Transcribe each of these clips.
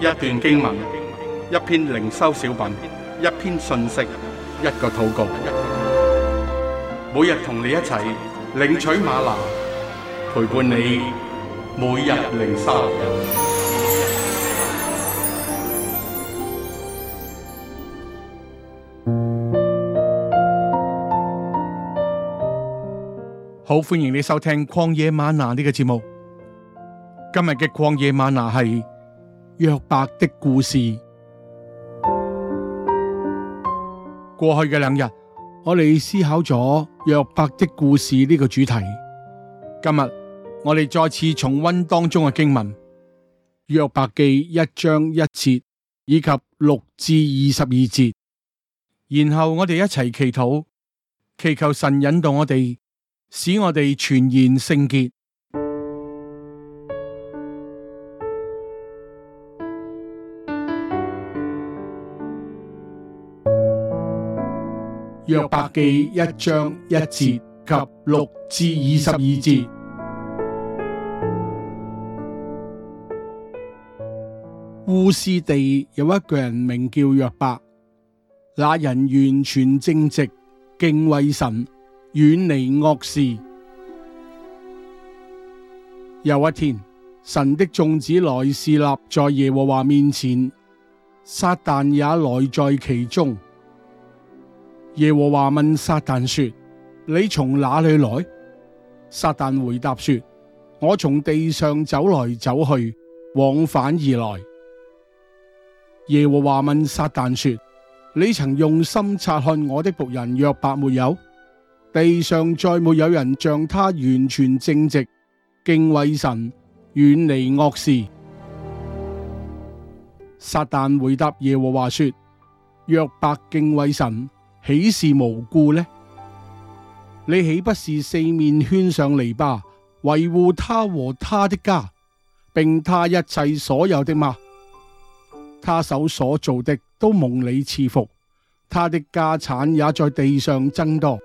一段經文，一篇靈修小品，一篇信息，一個禱告。每日同你一齊領取嗎哪，陪伴你每日靈修。好，歡迎你收聽曠野嗎哪呢個節目。今日嘅曠野嗎哪係。約伯的故事，過去嘅兩日，我哋思考咗約伯的故事呢個主題。今日我哋再次重温當中嘅經文，約伯記一章一節以及六至二十二節，然後我哋一齊祈禱，祈求神引導我哋，使我哋全然聖潔。約伯記一章一節及六至二十二節。烏斯地有一個人名叫約伯，那人完全正直，敬畏神，遠離惡事。有一天，神的眾子來侍立在耶和華面前，撒旦也來在其中。耶和華問撒但說：你從哪裏來？撒但回答說：我從地上走來走去，往返而來。耶和華問撒但說：你曾用心察看我的僕人約伯沒有？地上再沒有有人像他完全正直，敬畏神，遠離惡事。撒但回答耶和華說：約伯敬畏神。豈是無故呢？你豈不是四面圈上籬笆，維護他和他的家，並他一切所有的嗎？他手所做的都蒙你賜福，他的家產也在地上增多。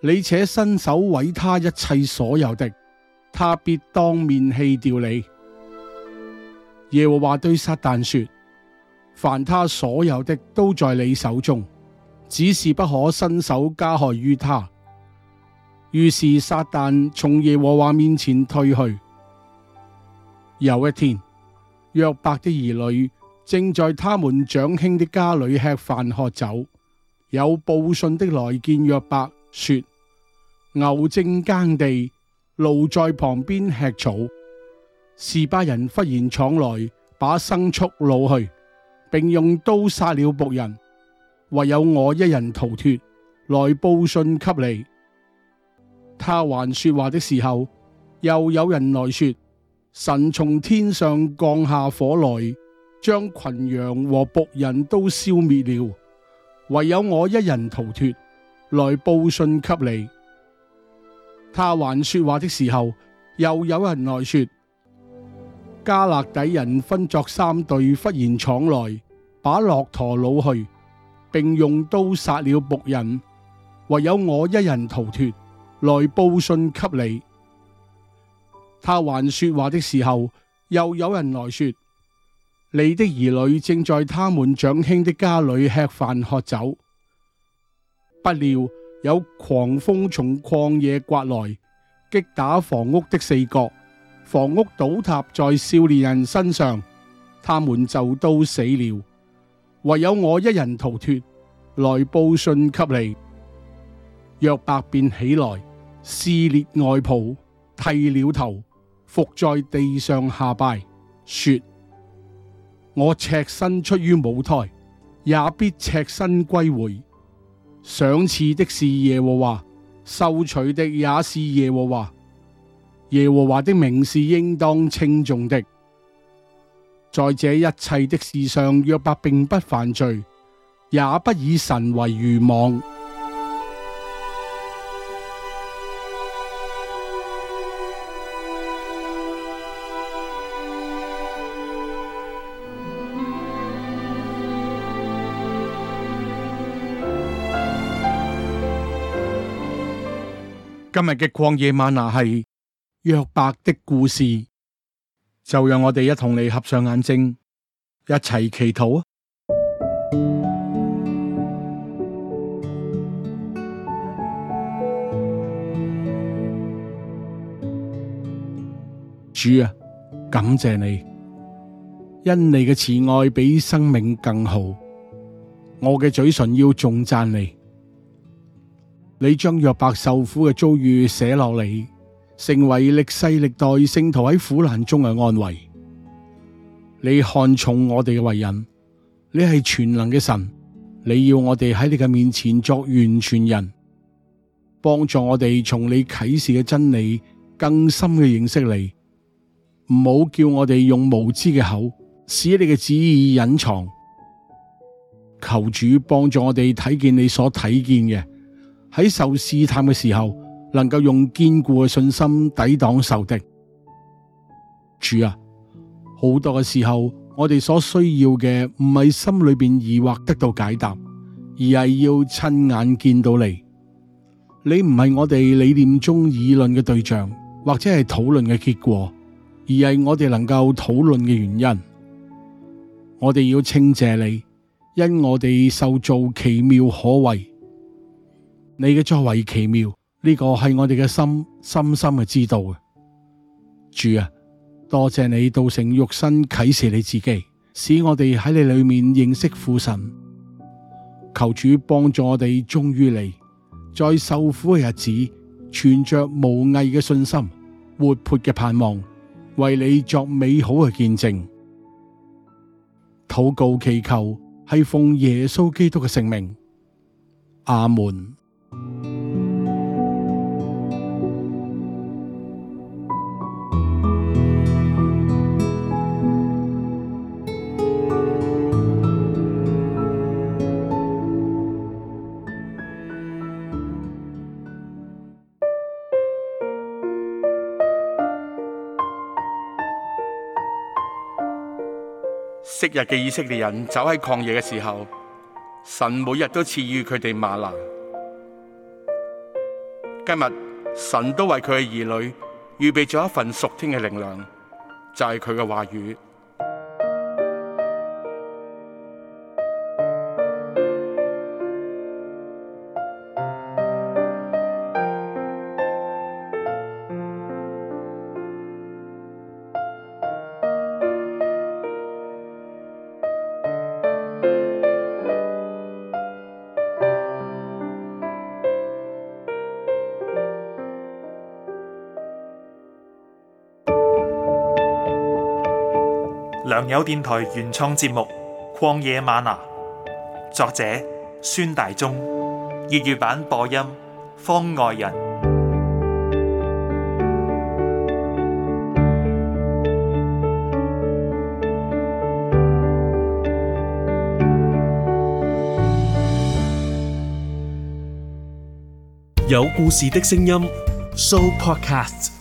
你且伸手毀他一切所有的，他必當面棄掉你。耶和華對撒旦說。凡他所有的都在你手中，只是不可伸手加害於他。於是撒旦從耶和華面前退去。有一天，約伯的兒女正在他們長兄的家裏吃飯喝酒，有報信的來見約伯，說牛正耕地，驢在旁邊吃草，示巴人忽然闖來，把牲畜擄去。並用刀殺了僕人，唯有我一人逃脫來報信給你。他還說話的時候，又有人來說：神從天上降下火來，將群羊和僕人都消滅了，唯有我一人逃脫來報信給你。他還說話的時候，又有人來說：迦勒底人分作三隊忽然闖來。把駱駝擄去，並用刀殺了僕人，唯有我一人逃脫，來報信給你。他還說話的時候，又有人來說：你的兒女正在他們長兄的家裏吃飯喝酒。不料有狂風從曠野刮來，擊打房屋的四角，房屋倒塌在少年人身上，他們就都死了。唯有我一人逃脫，來報信給你。約伯便起來，撕裂外袍，剃了頭，伏在地上下拜，說：我赤身出於母胎，也必赤身歸回。賞賜的是耶和華，收取的也是耶和華。耶和華的名是應當稱頌的。在這一切的事上，約伯並不犯罪，也不以神為愚妄。今日嘅曠野嗎哪係約伯的故事。就讓我哋一同嚟，合上眼睛，一齊祈禱啊！主啊，感謝你，因你嘅慈愛比生命更好，我嘅嘴唇要頌讚你。你將約伯受苦嘅遭遇寫落嚟。成為歷世歷代聖徒喺苦難中嘅安慰。你看重我哋嘅為人，你係全能嘅神，你要我哋喺你嘅面前作完全人，幫助我哋從你啟示嘅真理更深嘅認識你。唔好叫我哋用無知嘅口使你嘅旨意隱藏。求主幫助我哋睇見你所睇見嘅。喺受試探嘅時候，能夠用堅固嘅信心抵擋受敵，主啊！好多嘅時候，我哋所需要嘅唔係心裏面疑惑得到解答，而係要親眼見到你。你唔係我哋理念中議論嘅對象，或者係討論嘅結果，而係我哋能夠討論嘅原因。我哋要稱謝你，因我哋受造奇妙可畏，你嘅作為奇妙。呢個係我哋嘅心深深嘅知道嘅。主啊，多謝你道成肉身啟示你自己，使我哋喺你裏面認識父神。求主幫助我哋忠於你，在受苦嘅日子存着無偽嘅信心、活潑嘅盼望，為你作美好嘅見證。禱告祈求係奉耶穌基督嘅聖名，阿門。昔日嘅以色列人走喺曠野嘅時候，神每日都賜予佢哋嗎哪。今日神都為佢嘅兒女預備咗一份屬天嘅靈糧，就係佢嘅話語。良友電台原創節目《曠野嗎哪》，作者孫大中，粵語版播音方外人，有故事的聲音 show podcast。